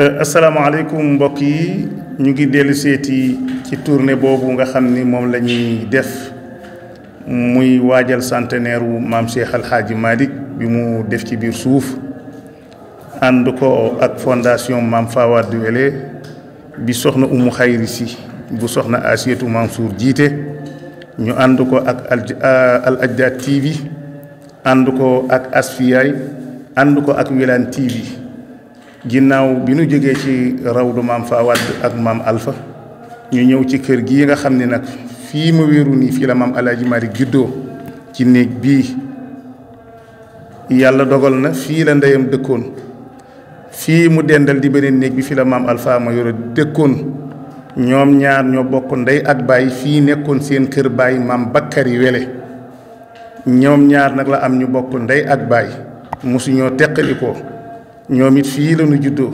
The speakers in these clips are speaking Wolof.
Euh, asalaamaaleykum mbokk yi ñu ngi dellu seeti ci tournée boobu nga xam ni moom lañuy def muy waajal centenaire wu maam Cheikh Alxaaji Malick bi mu def ci biir suuf ànd ko ak fondation maam Fawade Wele bi soxna Umu Xayri si bu soxna Asiyatu Mansour jiite ñu ànd ko ak Al euh, Ajdaad TV ànd ko ak Asfiyaay ànd ko ak Wilane TV ginnaaw bi nu jógee ci rawdu maam Fawad ak maam alfa ñu ñëw ci kër gii nga xam ni nag fii mu wéeru nii fii la maam Alaaji Mari juddoo ci néeg bii yàlla dogal na fii la ndeyam dëkkoon fii mu dendal di beneen néeg bi fii la maam Alpha ma yoro dëkkoon ñoom ñaar ñoo bokk ndey ak baay fii nekkoon seen kër baay maam Bakkari Wele ñoom ñaar nag la am ñu bokk ndey ak baay mosuñoo teqalikoo ñoom it fii la ñu juddoo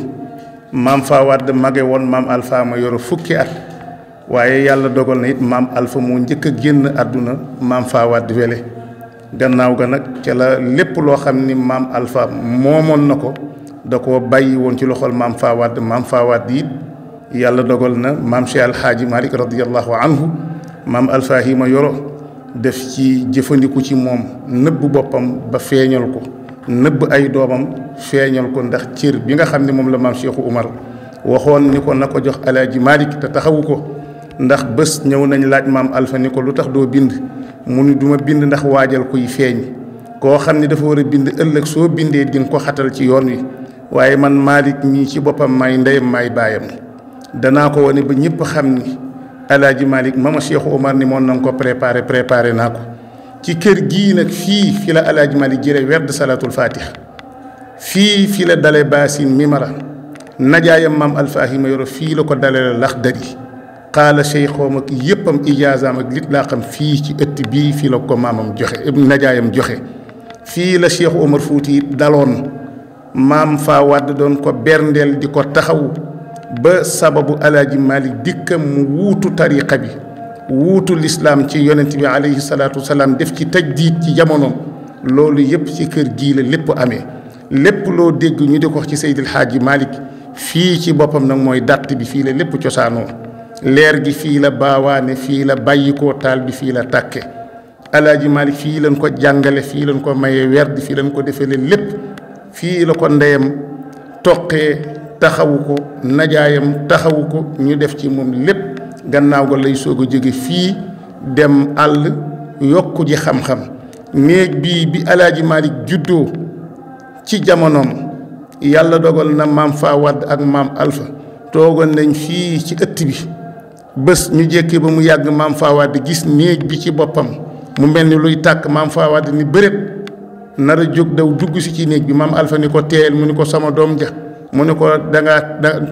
maam faa wadd mage woon maam alfa ma yoro fukki at waaye yàlla dogal na it maam alfa moo njëkk a génn àdduna maam faa wadd wele gannaaw ga nag ca la lépp loo xam ni maam alfa moomoon na ko da ko bàyyi woon ci loxol maam faa wadd maam faa wadd it yàlla dogal na maam Cheikh Alxaaji Malik radiallahu anhu maam alfa yi ma yoro def ci jëfandiku ci moom nëbb boppam ba feeñal ko nëbb ay doomam feeñal ko ndax cir bi nga xam ne moom la maam Cheikhu Umar waxoon ni ko na ko jox alaaji Malick te taxawu ko ndax bés ñëw nañu laaj maam Alpha ni ko lu tax doo bind mu ni duma bind ndax waajal kuy feeñ koo xam ni dafa war a bind ëllëg soo bindee di ko xatal ci yoon wi waaye man Malick mii ci boppam may ndeyam may baayam danaa ko wane ba ñëpp xam ni alaaji Malick mama Cheikhu Umar ni moom na ko préparé préparé naa ko ci kër gii nag fii fi la alaaj mali jële werd salaatul fatih fii fi la dale baasin mimara najaayam maam alfaahima yoro fii la ko dale la lax dari xaala seyxoom ak yéppam ijaasaam ak lit laa xam fii ci ëtt bii fii la ko maamam joxe najaayam joxe fii la cheikh omar fuuti daloon maam faa wàdd doon ko berndeel di ko taxaw ba sababu alaaji malik dikkam mu wuutu tariqa bi wutul l'islam ci yonent bi alayhi salatu wasalaam def ci tajdid ci jamono lolou yep ci keur gi la lépp amé lépp lo deg ñu di wax ci Seydil haji Malik fi ci bopam nak moy datti bi fi la lépp cosaanoo leer gi fi la baawaane fi la bayiko tal bi fi la tàkke alaaji Malik fi lañ ko jàngale fi lañ ko maye werd fi lañ ko defee lépp fi la ko ndeyam toqee taxawuko najaayam taxawuko ñu def ci mom lépp gannaaw ga lay soog a jóge fii dem àll yokku ji xam-xam néeg bii bi alaaji malik juddoo ci jamonoom yàlla dogal na maam faa wadd ak maam alfa toogoon nañ fii ci ëtt bi bés ñu jékkee ba mu yàgg maam faa wadd gis néeg bi ci boppam mu mel ni luy tàkk maam faa wadd ni bërëb nar a jóg daw dugg si ci néeg bi maam alfa ni ko teeyal mu ni ko sama doom ja mu ni ko da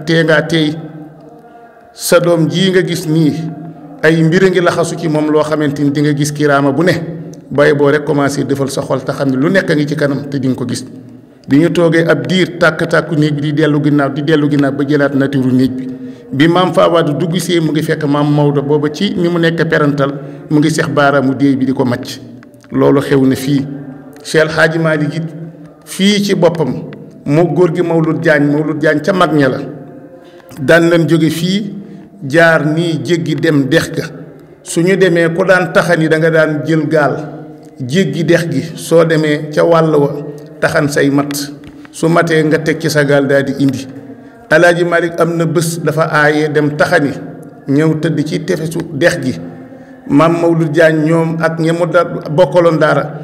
tee ngaa teey sa doom jii nga gis nii ay mbir a ngi laxasu ci moom loo xamante ni di nga gis kiraama bu ne bàyyi boo rek commencé defal sa xol te xam ne lu nekk a ngi ci kanam te di nga ko gis bi ñu toogee ab diir tàkk-tàkku néeg bi di dellu ginnaaw di dellu ginnaaw ba jëlaat natiru néeg bi bi maam Fawade dugg see mu ngi fekk maam Maodo booba ci mi mu nekk perantal mu ngi seex baaraamu déey bi di ko macc loolu xew na fii Cheikh Hadji Malick it fii ci boppam moo góor gi Mawlud Diagne Mawlud Diagne ca mag ña la dan len joge jarni jaar ni jéggi dem dex ga suñu ñu demee ku daan taxani da nga dan jël gal jéggi dex gi so demee ca walu taxan say mat su maté nga tek ci sa gal daal indi alaji malik amna na dafa ayé dem taxani ñew teud ci tefesu dex gi mam Mawlud jaan ñom ak ñemu da bokkaloon daara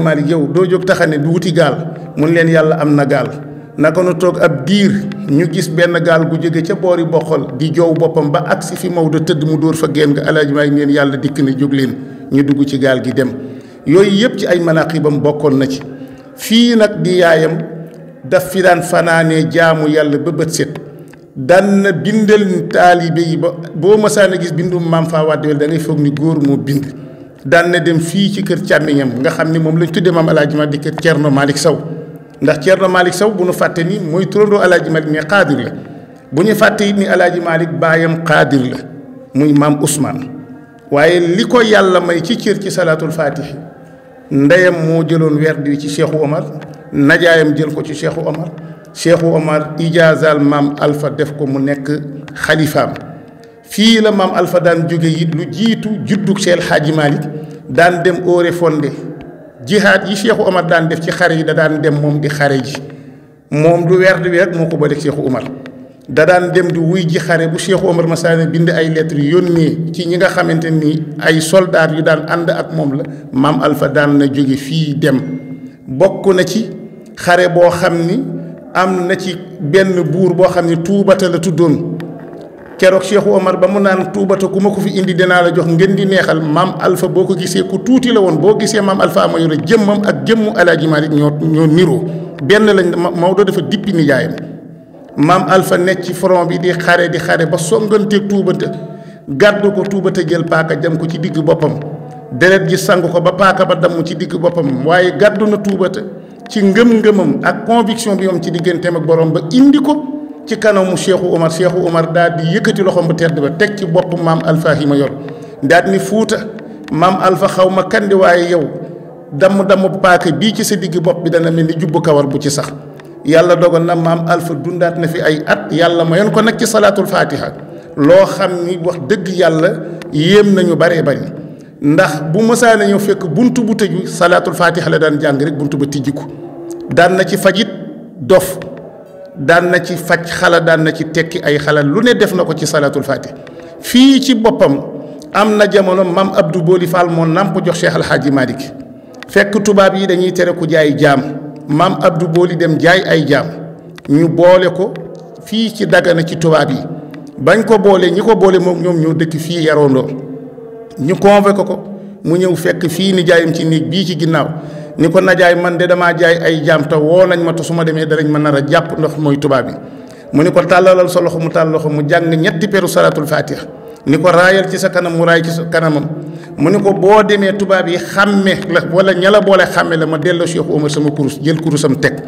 malik yow do jog taxani du wuti gal mun len yalla amna gal naka nu toog ab diir ñu gis benn gaal gu jóge ca boori boxol di joow boppam ba agsi fi Maodo tëdd mu dóor fa génn nga alaaji maa ngi yàlla dikk na jóg leen ñu dugg ci gaal gi dem yooyu yëpp ci ay ba mu bokkoon na ci fii nag di yaayam daf fi daan fanaane jaamu yàlla ba bët set daan na bindal taalibe yi ba boo masaana gis bindum maam faa wàddewel da ngay foog ni góor moo bind daan na dem fii ci kër càmmiñam nga xam ne moom lañ tudde maam alaaji maa di kër Cerno Malick Sow ndax cierno malik saw bu nu fàtte ni mooy turandoo alaaji malik mais xaadir la bu ñu fàtte ni alaaji malik baayam xaadir la muy maam usman waaye li ko yàlla may ci cër ci salatul fatih ndeyam moo jëloon werd wi ci Cheikhu Omar najaayam jël ko ci Cheikhu Omar Cheikhu Omar ijaazaal maam Alpha def ko mu nekk xalifaam fii la maam Alpha daan jóge it lu jiitu juddug Seel Xaaji malik daan dem Oré refondé jihad yi cheikh Omar daan def ci xare yi da daan dem moom di xare ji moom du weer di weer moo ko baleeg Cheikhu Omar da daan dem di wuy ji xare bu Cheikhu Omar masaane bind ay lettre yónnee ci ñi nga xamante ni ay soldat yu daan ànd ak moom la mam Alpha daan na jóge fii dem bokk na ci xare boo xam ni am na ci benn buur boo xam ni tuubata la tuddoon keroog Cheikh Omar ba mu naan tuubata ku ma ko fi indi dinaa la jox ngeen di neexal maam alfa boo ko gisee ku tuuti la woon boo gisee maam Alpha ama yore jëmmam ak jëmmu Alaaji Maalik ñoo ñoo niroo benn lañ ma Maodo dafa dippi ni yaayam maam alfa nekk ci front bi di xare di xare ba songanteeg tuubata gàddu ko tuubata jël paaka jam ko ci digg boppam deret ji sang ko ba paaka ba damm ci digg boppam waaye gàddu na tuubata ci ngëm-ngëmam ak conviction bi moom ci digganteem ak borom ba indi ko. ci kanamu Cheikh Omar Cheikh Omar dal di yëkkati loxom bu tedd ba tek ci bop mam alfa hima yor dal ni fouta mam alfa xawma kandi waaye yow dam dam paaka bi ci sa digg bop bi dana melni jubbu kawar bu ci sax yàlla dogal na mam alfa dundat na fi ay at yàlla mayon ko nak ci salatul fatiha lo xamni wax deug yàlla yem nañu bare bare ndax bu mësaa na fekk buntu bu tëju salatul fatiha la daan jàng rek buntu ba tijjiku daan na ci fajit dof daan na ci faj xala daan na ci tekki ay xala lu ne def na ko ci salaatul faati fii ci boppam am na jamono maam Abdou Boli Fall moo namp jox Cheikh Al Hadji Malick fekk tubaab yi dañuy tere ku jaay jaam maam Abdou Boli dem jaay ay jaam ñu boole ko fii ci Dagana ci tubaab yi bañ ko boole ñi ko boole moom ñoom ñoo dëkk fii yarondoo ñu convoqué ko ko mu ñëw fekk fii nijaayam ci néeg bii ci ginnaaw. ni ko najaay man de damaa jaay ay jaam woo lañ ma te su ma demee danañ ma nar a jàpp ndox mooy tubaab bi mu ni ko tàllalal sa loxo mu tàll loxo mu jàng ñetti peru salaatul faatiha ni ko raayal ci sa kanam mu raay ci sa kanamam mu ni ko boo demee tubaab yi xàmme la wala ña la boole xàmme la ma delloo Cheikh Omar sama kurus jël kurusam teg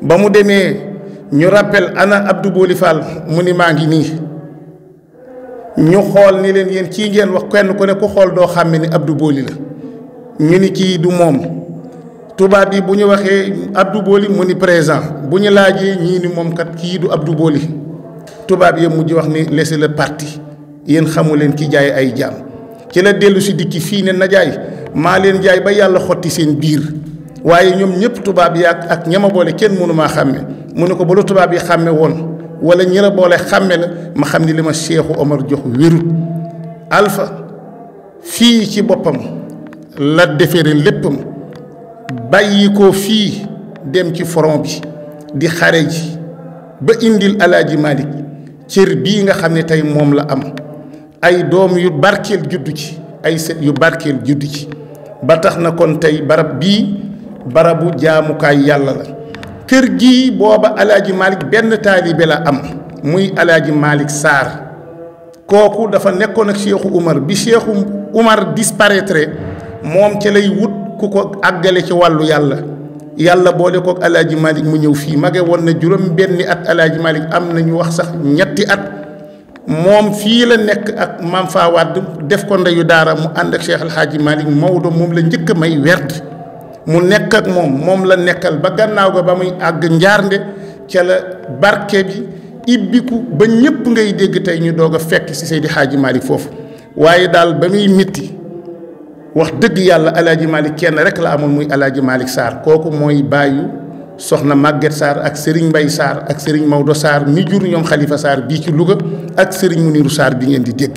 ba mu demee ñu rappel ana du Boli Fall mu ni maa ngi nii ñu xool ni leen yéen ci ngeen wax kenn ku ne ku xool doo xàmme ni Abdou Boli la ñu ni kii du moom tubaab yi bu ñu waxee Abdou Boli mu ni présent bu ñu laajee ñii ni moom kat kii du Abdou Boli tubaab yi mujj wax ni laissez le parti yéen xamu leen ki jaay ay jaam ci la dellu si dikki fii ne na jaay maa leen jaay ba yàlla xotti seen biir waaye ñoom ñëpp tubaab yi ak ak ñama boole kenn mënu maa xàmme mu ne ko ba lu tubaab yi xàmme woon wala ñi la boole xàmme la ma xam ni li ma Seexu Omar jox wérut alpha fii ci boppam la defere léppam bàyyi ko fii dem ci foron bi di xare ji ba indil alaaji Malick cër bii nga xam ne tey moom la am ay doom yu barkeel juddu ci ay set yu barkeel juddu ci ba tax na kon tey barab bii barabu jaamukaay yàlla la kër gi booba alaaji Malick benn taalibe la am muy alaaji Malick Sarr kooku dafa nekkoon ak Cheikhu Umar bi Cheikhu Umar disparaître moom ca lay wut ku ko àggale ci wàllu yàlla yàlla boole kook alaaji malik mu ñëw fii mage woon na juróom benni at alaaji malik am na ñu wax sax ñetti at moom fii la nekk ak maam faa wadd def ko ndeyu daara mu ànd ak cheikh alhaaji malik Maodo moom la njëkk a may werd mu nekk ak moom moom la nekkal ba gannaaw ga ba muy àgg njaarnde ca la barke bi ibbiku ba ñépp ngay dégg tey ñu doog a fekk si Seydi xaaji Malik foofu waaye daal ba muy mitti wax dëgg yàlla alaaji Malick kenn rek la amoon muy alaaji Malick saar kooku mooy bàyyu soxna màgget saar ak Serigne mbay saar ak Serigne Maodo saar mi jur ñoom Khalifa Sarr bii ci Louga ak Serigne Mounirou saar bi ngeen di dégg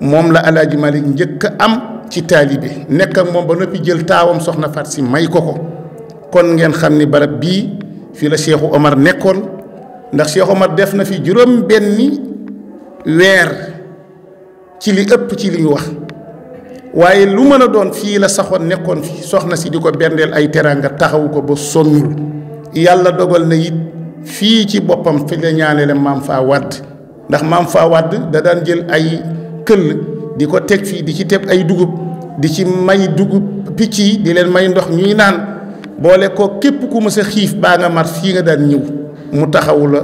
moom la alaaji Malick njëkk a am ci taalibe nekk ak moom ba noppi jël taawam soxna Faat si may ko ko kon ngeen xam ni barab bii fii la Cheikh Omar nekkoon ndax Cheikh Omar def na fi juróom benni weer ci li ëpp ci li wax waaye lu mën a doon fii la saxoon nekkoon fi soxna si di ko bendeel ay teraanga taxawu ko ba sonnul yàlla dogal na yit fii ci boppam fi la ñaanele maam faa wadd ndax maam faa wadd da daan jël ay këll di ko teg fii di ci teb ay dugub di ci may dugub picc yi di leen may ndox ñuy naan boole ko képp ku mës a xiif baa nga mar fii nga daan ñëw mu taxawu la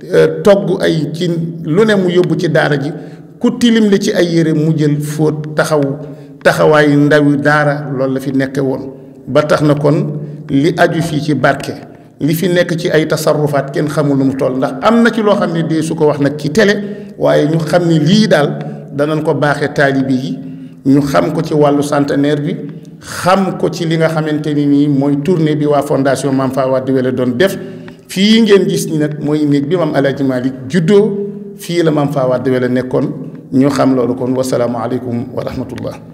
e, togg ay cin lu ne mu yóbbu ci daara ji ku tilim li ci ay yére mu jël fóot taxawu taxawaayu ndawi daara loolu la fi nekke woon ba tax na kon li aju fi ci barke li fi nekk ci ay tasarrufat kenn xamul lu mu toll ndax am na ci loo xam ne dee su ko wax nag ci télé waaye ñu xam ne lii daal danañ ko baaxee taalibi yi ñu xam ko ci wàllu centenaire bi xam ko ci li nga xamante ni nii mooy tournée bi waa fondation mam fa Wade wala doon def fii ngeen gis ni nag mooy néeg bi mam El malik juddoo fii la fa Fawade wala nekkoon ñu xam loolu kon wasalaamualeykum wa rahmatullah